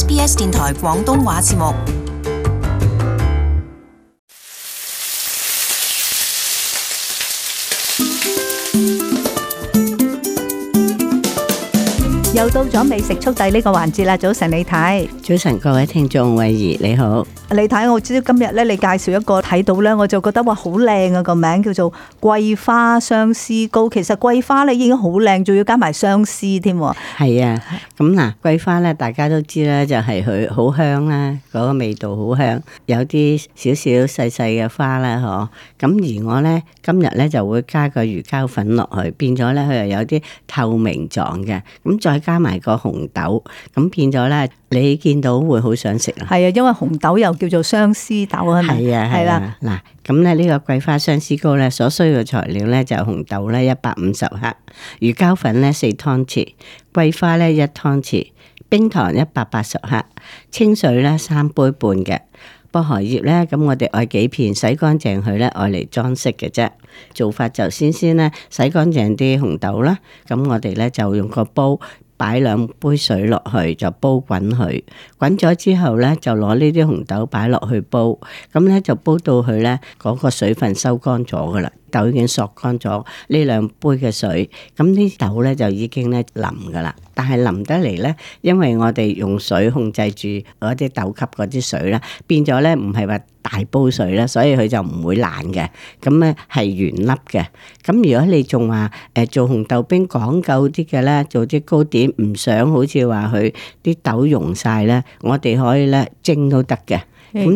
SBS 電台廣東話節目，又到咗美食速遞呢個環節啦！早晨，你睇，早晨各位聽眾，惠儀你好。你睇我知今日咧，你介紹一個睇到咧，我就覺得話好靚啊！個名叫做桂花相思糕。其實桂花咧已經好靚，仲要加埋相思添。係啊，咁嗱，啊，桂花咧大家都知啦，就係佢好香啦，嗰個味道好香，有啲少少細細嘅花啦，嗬。咁而我咧今日咧就會加個魚膠粉落去，變咗咧佢又有啲透明狀嘅，咁再加埋個紅豆，咁變咗咧。你見到會好想食啊！係啊，因為紅豆又叫做相思豆啊，係啊的，係啦的。嗱的，咁咧呢個桂花相思糕咧，所需嘅材料咧就紅豆咧一百五十克，魚膠粉咧四湯匙，桂花咧一湯匙，冰糖一百八十克，清水咧三杯半嘅薄荷葉咧，咁我哋愛幾片，洗乾淨佢咧愛嚟裝飾嘅啫。做法就先先咧，洗乾淨啲紅豆啦，咁我哋咧就用個煲。擺兩杯水落去就煲滾佢，滾咗之後呢就攞呢啲紅豆擺落去煲，咁呢就煲到佢呢嗰個水分收乾咗㗎喇。豆已經索乾咗呢兩杯嘅水，咁啲豆咧就已經咧淋噶啦。但係淋得嚟咧，因為我哋用水控制住嗰啲豆吸嗰啲水啦，變咗咧唔係話大煲水啦，所以佢就唔會爛嘅。咁咧係原粒嘅。咁如果你仲話誒做紅豆冰講究啲嘅咧，做啲糕點唔想好似話佢啲豆溶晒咧，我哋可以咧蒸都得嘅。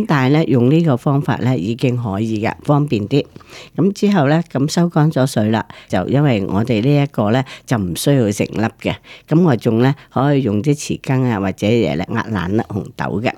但係咧用呢個方法咧已經可以嘅，方便啲。咁之後咧，咁收乾咗水啦，就因為我哋呢一個咧就唔需要成粒嘅。咁我仲咧可以用啲匙羹啊，或者嘢咧壓爛粒紅豆嘅。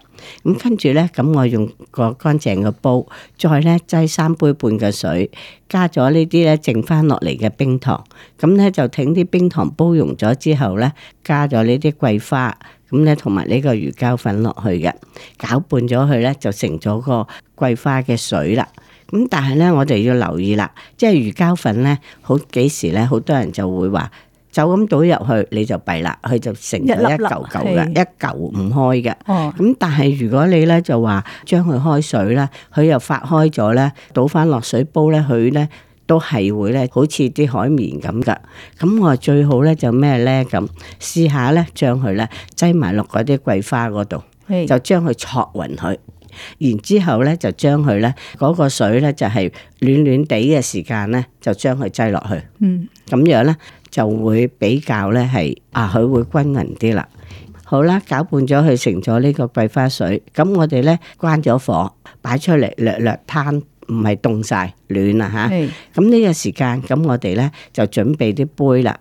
咁跟住咧，咁我用個乾淨嘅煲，再咧擠三杯半嘅水，加咗呢啲咧剩翻落嚟嘅冰糖。咁咧就挺啲冰糖煲溶咗之後咧，加咗呢啲桂花。咁咧，同埋呢個魚膠粉落去嘅，攪拌咗佢咧，就成咗個桂花嘅水啦。咁但係咧，我哋要留意啦，即係魚膠粉咧，好幾時咧，好多人就會話，就咁倒入去，你就弊啦，佢就成咗一嚿嚿嘅，一嚿唔開嘅。哦，咁但係如果你咧就話將佢開水咧，佢又發開咗咧，倒翻落水煲咧，佢咧。都係會咧，好似啲海綿咁噶。咁我最好咧就咩咧咁，試下咧將佢咧擠埋落嗰啲桂花嗰度，就將佢搓勻佢。然之後咧就將佢咧嗰個水咧就係暖暖地嘅時間咧，就將佢擠落去。嗯，咁樣咧就會比較咧係啊，佢會均勻啲啦。好啦，攪拌咗佢成咗呢個桂花水。咁我哋咧關咗火，擺出嚟略略攤。唔係凍晒，暖啦嚇。咁呢是、啊呢個時間，咁我哋咧就準備啲杯啦。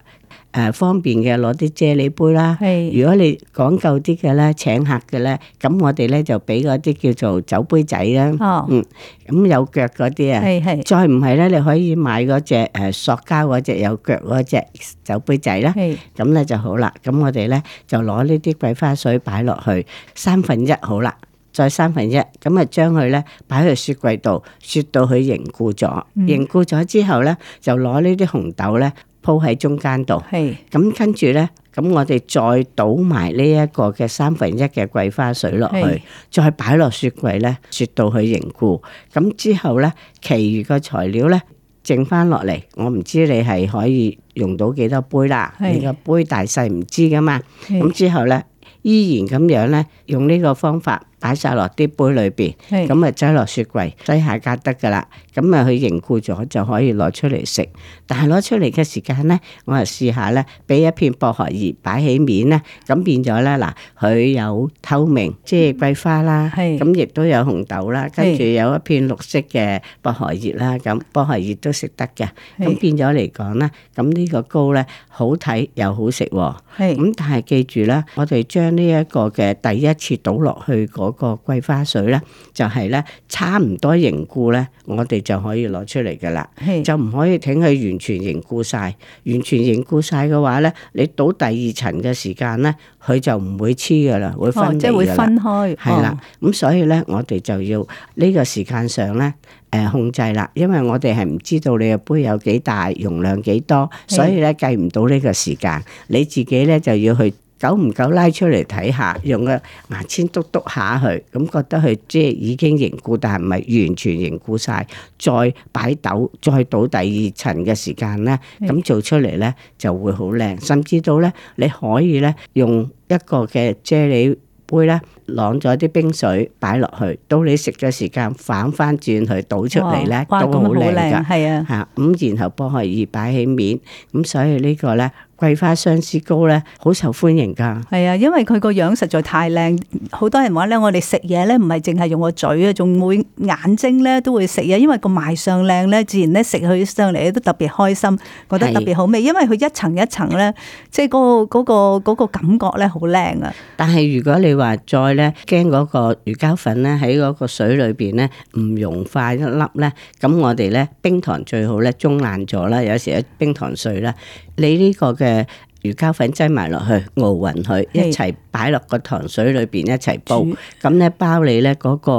誒、呃，方便嘅攞啲啫喱杯啦。是如果你講究啲嘅咧，請客嘅咧，咁我哋咧就俾嗰啲叫做酒杯仔啦。哦，嗯，咁有腳嗰啲啊。係係是。再唔係咧，你可以買嗰隻誒塑膠嗰隻有腳嗰隻酒杯仔啦。係是。咁咧就好啦。咁我哋咧就攞呢啲桂花水擺落去三分一好啦。再三分一咁啊，將佢咧擺喺雪櫃度，雪到佢凝固咗。嗯、凝固咗之後咧，就攞呢啲紅豆咧鋪喺中間度。係。咁跟住咧，咁我哋再倒埋呢一個嘅三分一嘅桂花水落去，是再擺落雪櫃咧，雪到佢凝固。咁之後咧，其餘嘅材料咧，剩翻落嚟，我唔知你係可以用到幾多杯啦。你是個杯大細唔知㗎嘛。咁之是後咧，依然咁樣咧，用呢個方法。擺晒落啲杯裏邊，咁啊擠落雪櫃，擠下格得噶啦。咁啊佢凝固咗就可以攞出嚟食。但係攞出嚟嘅時間呢，我啊試下呢，俾一片薄荷葉擺起面呢，咁變咗呢，嗱，佢有透明，即係桂花啦，咁亦都有紅豆啦，跟住有一片綠色嘅薄荷葉啦，咁薄荷葉都食得嘅。咁是變咗嚟講呢，咁呢個糕呢，好睇又好食喎。咁是但係記住啦，我哋將呢一個嘅第一次倒落去個桂花水咧，就係咧差唔多凝固咧，我哋就可以攞出嚟噶啦，就唔可以等佢完全凝固晒。完全凝固晒嘅話咧，你倒第二層嘅時間咧，佢就唔會黐噶啦，會分即係會分開，係啦。咁所以咧，我哋就要呢個時間上咧，誒控制啦，因為我哋係唔知道你嘅杯有幾大容量幾多，所以咧計唔到呢個時間，你自己咧就要去。久唔久拉出嚟睇下，用個牙籤篤篤下去，咁覺得佢即係已經凝固，但係唔係完全凝固晒？再擺豆，再倒第二層嘅時間咧，咁做出嚟咧就會好靚。的甚至到咧，你可以咧用一個嘅啫喱杯咧，攞咗啲冰水擺落去，到你食嘅時間反翻轉佢倒出嚟咧，哦、都好靚㗎。係啊的，嚇咁然後幫佢熱擺起面。咁所以個呢個咧。桂花相思糕咧，好受歡迎㗎。係啊，因為佢個樣實在太靚，好多人話咧，我哋食嘢咧唔係淨係用個嘴啊，仲會眼睛咧都會食嘢。因為個賣相靚咧，自然咧食佢上嚟都特別開心，覺得特別好味。的因為佢一層一層咧，即係嗰個嗰個嗰個感覺咧，好靚啊。但係如果你話再咧驚嗰個魚膠粉咧喺嗰個水裏邊咧唔溶化一粒咧，咁我哋咧冰糖最好咧中爛咗啦，有時咧冰糖碎啦，你呢個嘅。誒，魚膠粉擠埋落去，熬匀佢，一齊擺落個糖水裏邊一齊煲，咁咧包你咧嗰個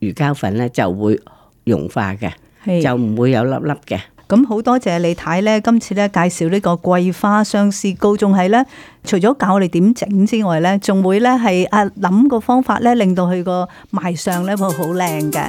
魚膠粉咧就會融化嘅，就唔會有粒粒嘅。咁好多謝李太咧，今次咧介紹呢個桂花相思糕，仲係咧除咗教我哋點整之外咧，仲會咧係啊諗個方法咧，令到佢個賣相咧會好靚嘅。